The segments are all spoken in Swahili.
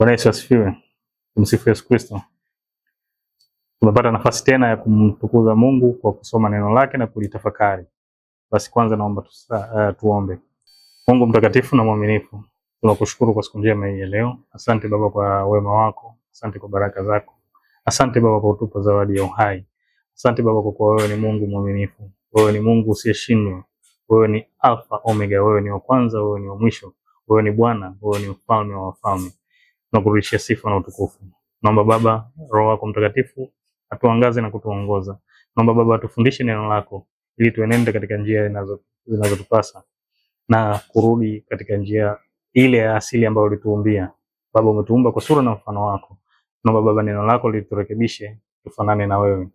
Bwana Yesu asifiwe. Tumsifu Yesu Kristo. Tumepata nafasi tena ya kumtukuza Mungu kwa kusoma neno lake na kulitafakari. Basi kwanza naomba tusa, uh, tuombe. Mungu mtakatifu na mwaminifu, tunakushukuru kwa siku njema hii ya leo. Asante Baba kwa wema wako, asante kwa baraka zako, asante Baba kwa utupa zawadi ya uhai. Asante Baba kwa kuwa wewe ni Mungu mwaminifu, wewe ni Mungu usiyeshindwa, wewe ni Alfa Omega, wewe ni wa kwanza, wewe ni wa mwisho, wewe ni Bwana, wewe ni mfalme wa wafalme. Tunakurudishia sifa na utukufu. Naomba Baba, Roho wako Mtakatifu atuangaze na kutuongoza. Naomba Baba, atufundishe neno lako ili tuenende katika njia zinazotupasa na kurudi katika njia ile ya asili ambayo ulituumbia. Baba, umetuumba kwa sura na mfano wako. Naomba Baba, neno lako liturekebishe tufanane na wewe.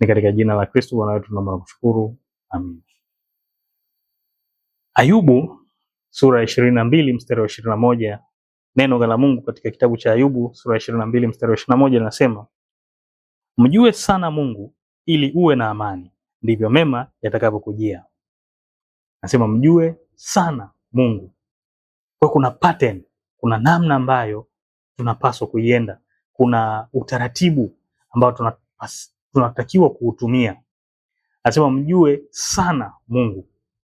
Ni katika jina la Kristo Bwana wetu tunaomba na kushukuru. Amen. Ayubu sura ya ishirini na mbili mstari wa ishirini na moja Neno la Mungu katika kitabu cha Ayubu sura ya 22 mstari wa moja linasema, mjue sana Mungu ili uwe na amani, ndivyo mema yatakavyokujia. Nasema mjue sana Mungu. Kwa kuna pattern, kuna namna ambayo tunapaswa kuienda, kuna utaratibu ambao tunapas, tunatakiwa kuutumia. Nasema mjue sana Mungu,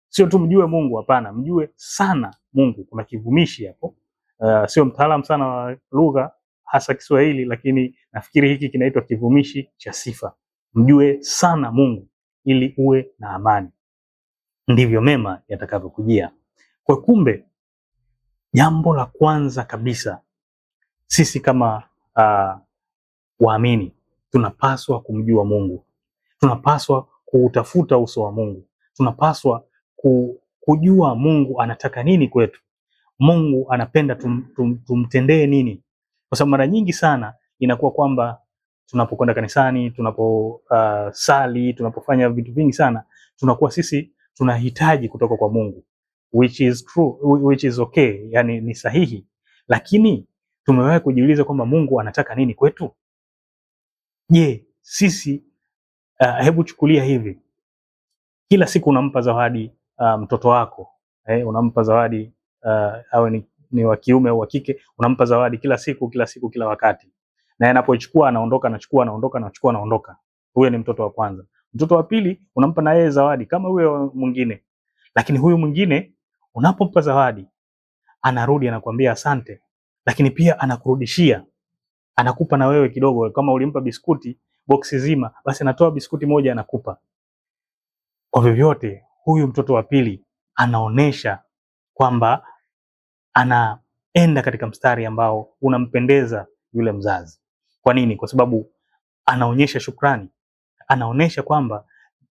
sio tu mjue Mungu, hapana, mjue sana Mungu. Kuna kivumishi hapo Uh, sio mtaalamu sana wa lugha hasa Kiswahili, lakini nafikiri hiki kinaitwa kivumishi cha sifa. Mjue sana Mungu ili uwe na amani, ndivyo mema yatakavyokujia. Kwa kumbe, jambo la kwanza kabisa sisi kama uh, waamini tunapaswa kumjua Mungu, tunapaswa kuutafuta uso wa Mungu, tunapaswa kujua Mungu anataka nini kwetu Mungu anapenda tum, tum, tumtendee nini? Kwa sababu mara nyingi sana inakuwa kwamba tunapokwenda kanisani, tunaposali, ah, uh, tunapofanya vitu vingi sana, tunakuwa sisi tunahitaji kutoka kwa Mungu, which is true, which is okay, yani ni sahihi, lakini tumewahi kujiuliza kwamba Mungu anataka nini kwetu? Je, sisi uh, hebu chukulia hivi, kila siku unampa zawadi ah, mtoto wako eh, unampa zawadi uh, awe ni, ni wa kiume au wa kike, unampa zawadi kila siku kila siku kila wakati, na anapochukua anaondoka, anachukua anaondoka, anachukua anaondoka. Huyo ni mtoto wa kwanza. Mtoto wa pili unampa na yeye zawadi kama huyo mwingine, lakini huyu mwingine unapompa zawadi anarudi anakuambia asante, lakini pia anakurudishia, anakupa na wewe kidogo. Kama ulimpa biskuti boksi zima, basi anatoa biskuti moja anakupa. Kwa vyovyote, huyu mtoto wa pili anaonesha kwamba anaenda katika mstari ambao unampendeza yule mzazi. Kwa nini? Kwa sababu anaonyesha shukrani, anaonyesha kwamba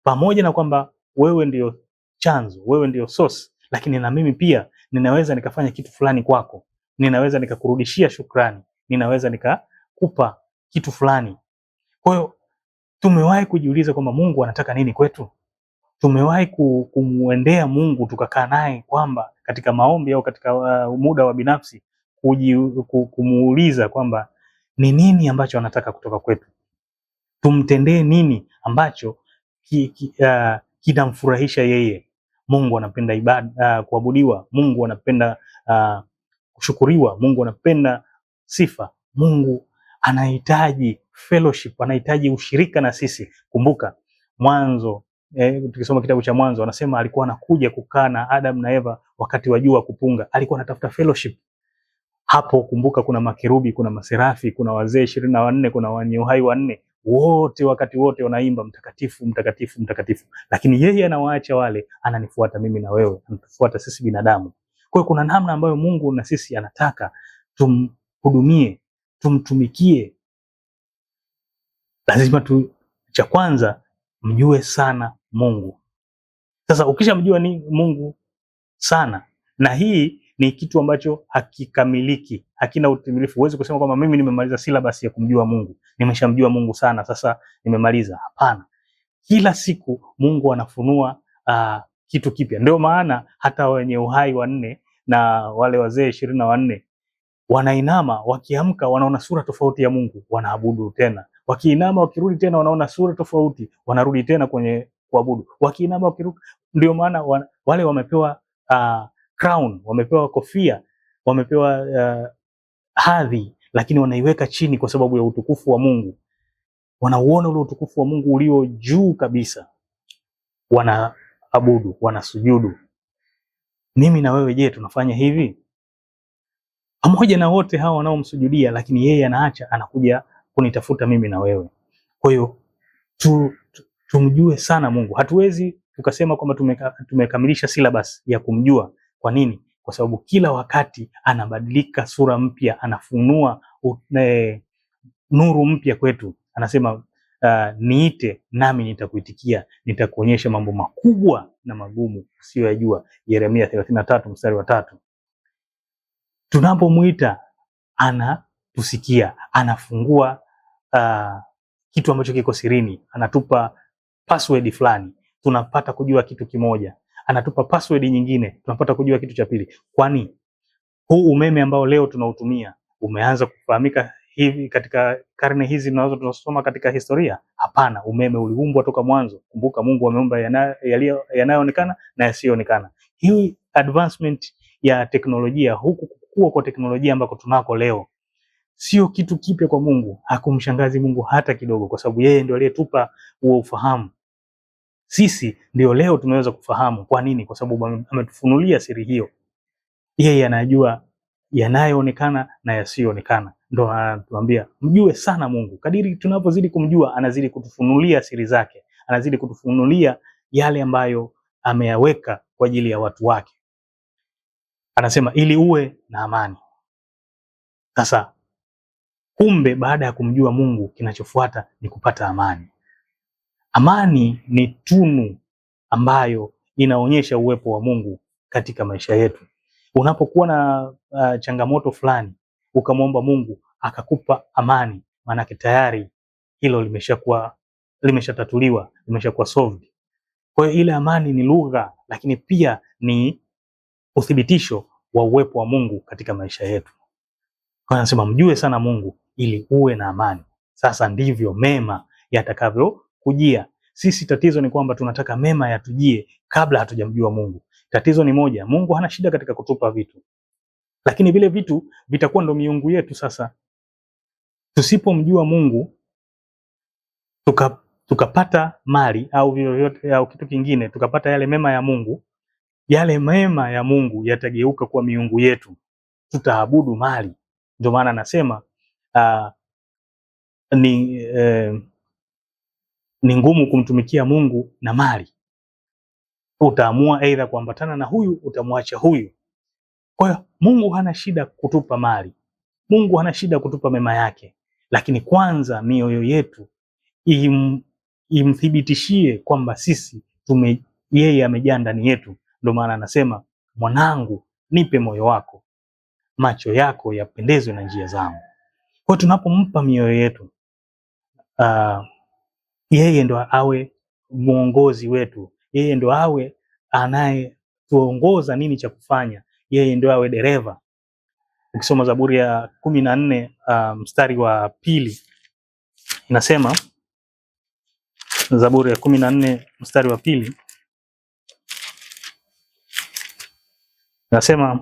pamoja na kwamba wewe ndio chanzo, wewe ndio source, lakini na mimi pia ninaweza nikafanya kitu fulani kwako, ninaweza nikakurudishia shukrani, ninaweza nikakupa kitu fulani. Kwa hiyo tumewahi kujiuliza kwamba Mungu anataka nini kwetu? tumewahi kumwendea Mungu tukakaa naye kwamba katika maombi au katika uh, muda wa binafsi kumuuliza kwamba ni nini ambacho anataka kutoka kwetu, tumtendee nini ambacho ki, ki, uh, kinamfurahisha yeye. Mungu anapenda ibada, uh, kuabudiwa. Mungu anapenda uh, kushukuriwa. Mungu anapenda sifa. Mungu anahitaji fellowship, anahitaji ushirika na sisi. Kumbuka mwanzo eh, tukisoma kitabu cha Mwanzo anasema alikuwa anakuja kukaa na Adam na Eva wakati wa jua kupunga, alikuwa anatafuta fellowship hapo. Kumbuka kuna makerubi, kuna maserafi, kuna wazee ishirini na wanne, kuna wanye uhai wanne, wote wakati wote wanaimba mtakatifu, mtakatifu, mtakatifu, lakini yeye anawaacha wale, ananifuata mimi na wewe, anatufuata sisi binadamu. Kwa hiyo kuna namna ambayo Mungu na sisi anataka tumhudumie, tumtumikie. Lazima tu, cha kwanza mjue sana Mungu. Sasa ukishamjua ni Mungu sana, na hii ni kitu ambacho hakikamiliki, hakina utimilifu. Huwezi kusema kwamba mimi nimemaliza silabasi ya kumjua Mungu, nimeshamjua Mungu sana, sasa nimemaliza. Hapana, kila siku Mungu anafunua uh, kitu kipya. Ndio maana hata wenye uhai wanne na wale wazee ishirini na wanne wanainama wakiamka, wanaona sura tofauti ya Mungu, wanaabudu tena. Wakiinama wakirudi tena, wanaona sura tofauti, wanarudi tena kwenye kuabudu, wakiinama, wakiruka. Ndio maana wale wamepewa uh, crown, wamepewa kofia, wamepewa uh, hadhi, lakini wanaiweka chini kwa sababu ya utukufu wa Mungu. Wanauona ule utukufu wa Mungu ulio juu kabisa, wanaabudu, wanasujudu. Mimi na wewe, je, tunafanya hivi? Pamoja na wote hawa wanaomsujudia, lakini yeye anaacha, anakuja kunitafuta mimi na wewe. Kwa hiyo tu, tu, tumjue sana Mungu. Hatuwezi tukasema kwamba tumeka, tumekamilisha silabasi ya kumjua. Kwa nini? Kwa sababu kila wakati anabadilika sura mpya, anafunua e, nuru mpya kwetu. Anasema uh, niite nami nitakuitikia, nitakuonyesha mambo makubwa na magumu usiyoyajua. Yeremia 33 mstari wa tatu. Tunapomwita anatusikia, anafungua uh, kitu ambacho kiko sirini, anatupa password fulani, tunapata kujua kitu kimoja, anatupa password nyingine, tunapata kujua kitu cha pili. Kwani huu umeme ambao leo tunautumia umeanza kufahamika hivi katika karne hizi tunazo tunasoma katika historia? Hapana, umeme uliumbwa toka mwanzo. Kumbuka, Mungu ameumba yanayoonekana ya na yasiyoonekana. Hii advancement ya teknolojia, huku kukua kwa teknolojia ambako tunako leo, sio kitu kipya kwa Mungu. Hakumshangazi Mungu hata kidogo, kwa sababu yeye ndio aliyetupa huo ufahamu sisi ndio leo tunaweza kufahamu. Kwa nini? Kwa sababu ametufunulia siri hiyo, yeye anajua yanayoonekana na yasiyoonekana. Ndo anatuambia mjue sana Mungu. Kadiri tunavyozidi kumjua, anazidi kutufunulia siri zake, anazidi kutufunulia yale ambayo ameyaweka kwa ajili ya watu wake. Anasema ili uwe na amani. Sasa kumbe, baada ya kumjua Mungu, kinachofuata ni kupata amani. Amani ni tunu ambayo inaonyesha uwepo wa Mungu katika maisha yetu. Unapokuwa na uh, changamoto fulani ukamwomba Mungu akakupa amani, maanake tayari hilo limeshakuwa limeshatatuliwa, limeshakuwa solved. Kwa hiyo ile amani ni lugha, lakini pia ni uthibitisho wa uwepo wa Mungu katika maisha yetu. Kwa hiyo anasema mjue sana Mungu ili uwe na amani. Sasa ndivyo mema yatakavyo kujia. Sisi tatizo ni kwamba tunataka mema yatujie kabla hatujamjua Mungu. Tatizo ni moja, Mungu hana shida katika kutupa vitu, lakini vile vitu vitakuwa ndo miungu yetu. Sasa tusipomjua Mungu tuka tukapata mali au vyovyote au kitu kingine, tukapata yale mema ya Mungu, yale mema ya Mungu yatageuka kuwa miungu yetu, tutaabudu mali. Ndio maana anasema uh, ah, ni eh, ni ngumu kumtumikia Mungu na mali. Utaamua aidha kuambatana na huyu, utamwacha huyu. Kwa hiyo Mungu hana shida kutupa mali, Mungu hana shida kutupa mema yake, lakini kwanza mioyo yetu im, imthibitishie kwamba sisi tume, yeye amejaa ndani yetu. Ndio maana anasema mwanangu, nipe moyo wako, macho yako yapendezwe na njia zangu. Kwa hiyo tunapompa mioyo yetu uh, yeye ndo awe mwongozi wetu, yeye ndo awe anayetuongoza nini cha kufanya, yeye ndo awe dereva. Ukisoma Zaburi ya kumi na nne ah, mstari um, wa pili inasema, Zaburi ya kumi na nne mstari wa pili inasema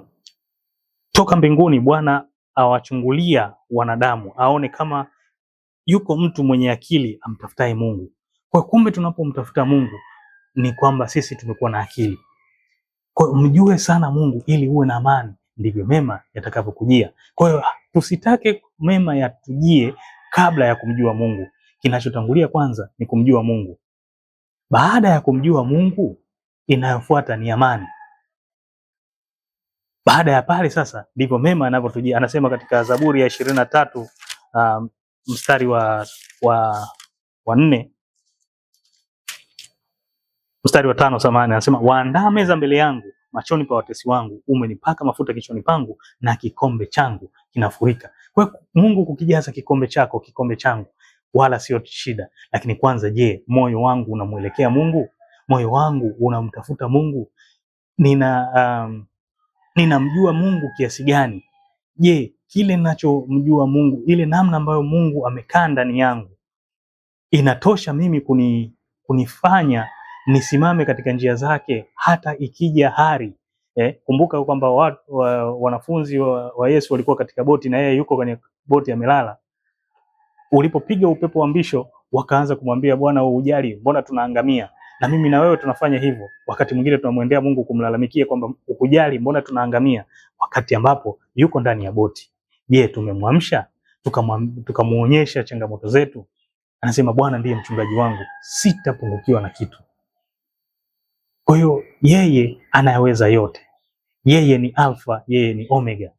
toka mbinguni Bwana awachungulia wanadamu, aone kama yuko mtu mwenye akili amtafutaye Mungu. Kwa kumbe tunapomtafuta Mungu ni kwamba sisi tumekuwa na akili. Kwa mjue sana Mungu ili uwe na amani, ndivyo mema yatakapokujia. Kwa hiyo ah, tusitake mema yatujie kabla ya kumjua Mungu. Kinachotangulia kwanza ni kumjua Mungu. Baada ya kumjua Mungu, inayofuata ni amani. Baada ya pale sasa ndivyo mema yanavyotujia. Anasema katika Zaburi ya ishirini na tatu um, mstari wa, wa, wa nne mstari wa tano samani, anasema waandaa meza mbele yangu machoni pa watesi wangu, umenipaka mafuta kichoni pangu, na kikombe changu kinafurika. Kwa Mungu kukijaza kikombe chako kikombe changu wala sio shida, lakini kwanza, je, moyo wangu unamwelekea Mungu? Moyo wangu unamtafuta Mungu? Nina um, ninamjua Mungu kiasi gani? Je, kile ninachomjua Mungu, ile namna ambayo Mungu amekaa ndani yangu inatosha mimi kuni, kunifanya nisimame katika njia zake hata ikija hari. Eh, kumbuka kwamba wa, wa, wanafunzi wa, wa Yesu walikuwa katika boti na yeye yuko kwenye boti amelala. Ulipopiga upepo wa mbisho, wakaanza kumwambia Bwana, wewe ujali, mbona tunaangamia? Na mimi na wewe tunafanya hivyo. Wakati mwingine tunamwendea Mungu kumlalamikia kwamba ukujali, mbona tunaangamia, wakati ambapo yuko ndani ya boti. Je, tumemwamsha? Tukamwonyesha changamoto zetu? Anasema Bwana ndiye mchungaji wangu, sitapungukiwa na kitu. Kwa hiyo yeye anayaweza yote. Yeye ni alfa, yeye ni omega,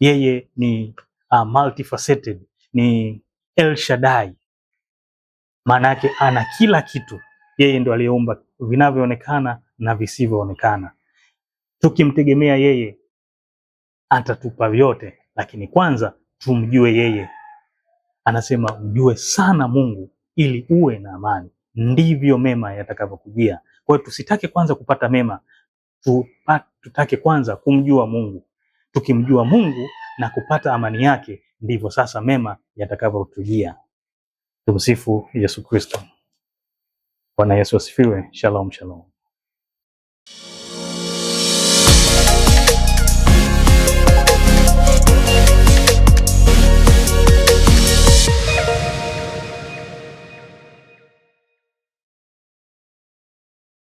yeye ni uh, multifaceted, ni El Shaddai. Maana yake ana kila kitu. Yeye ndo aliyeumba vinavyoonekana na visivyoonekana. Tukimtegemea yeye atatupa vyote lakini kwanza tumjue yeye. Anasema mjue sana Mungu ili uwe na amani, ndivyo mema yatakavyokujia. Kwa hiyo tusitake kwanza kupata mema, tutake kwanza kumjua Mungu. Tukimjua Mungu na kupata amani yake, ndivyo sasa mema yatakavyotujia. Tumsifu Yesu Kristo. Bwana Yesu asifiwe. Shalom, shalom.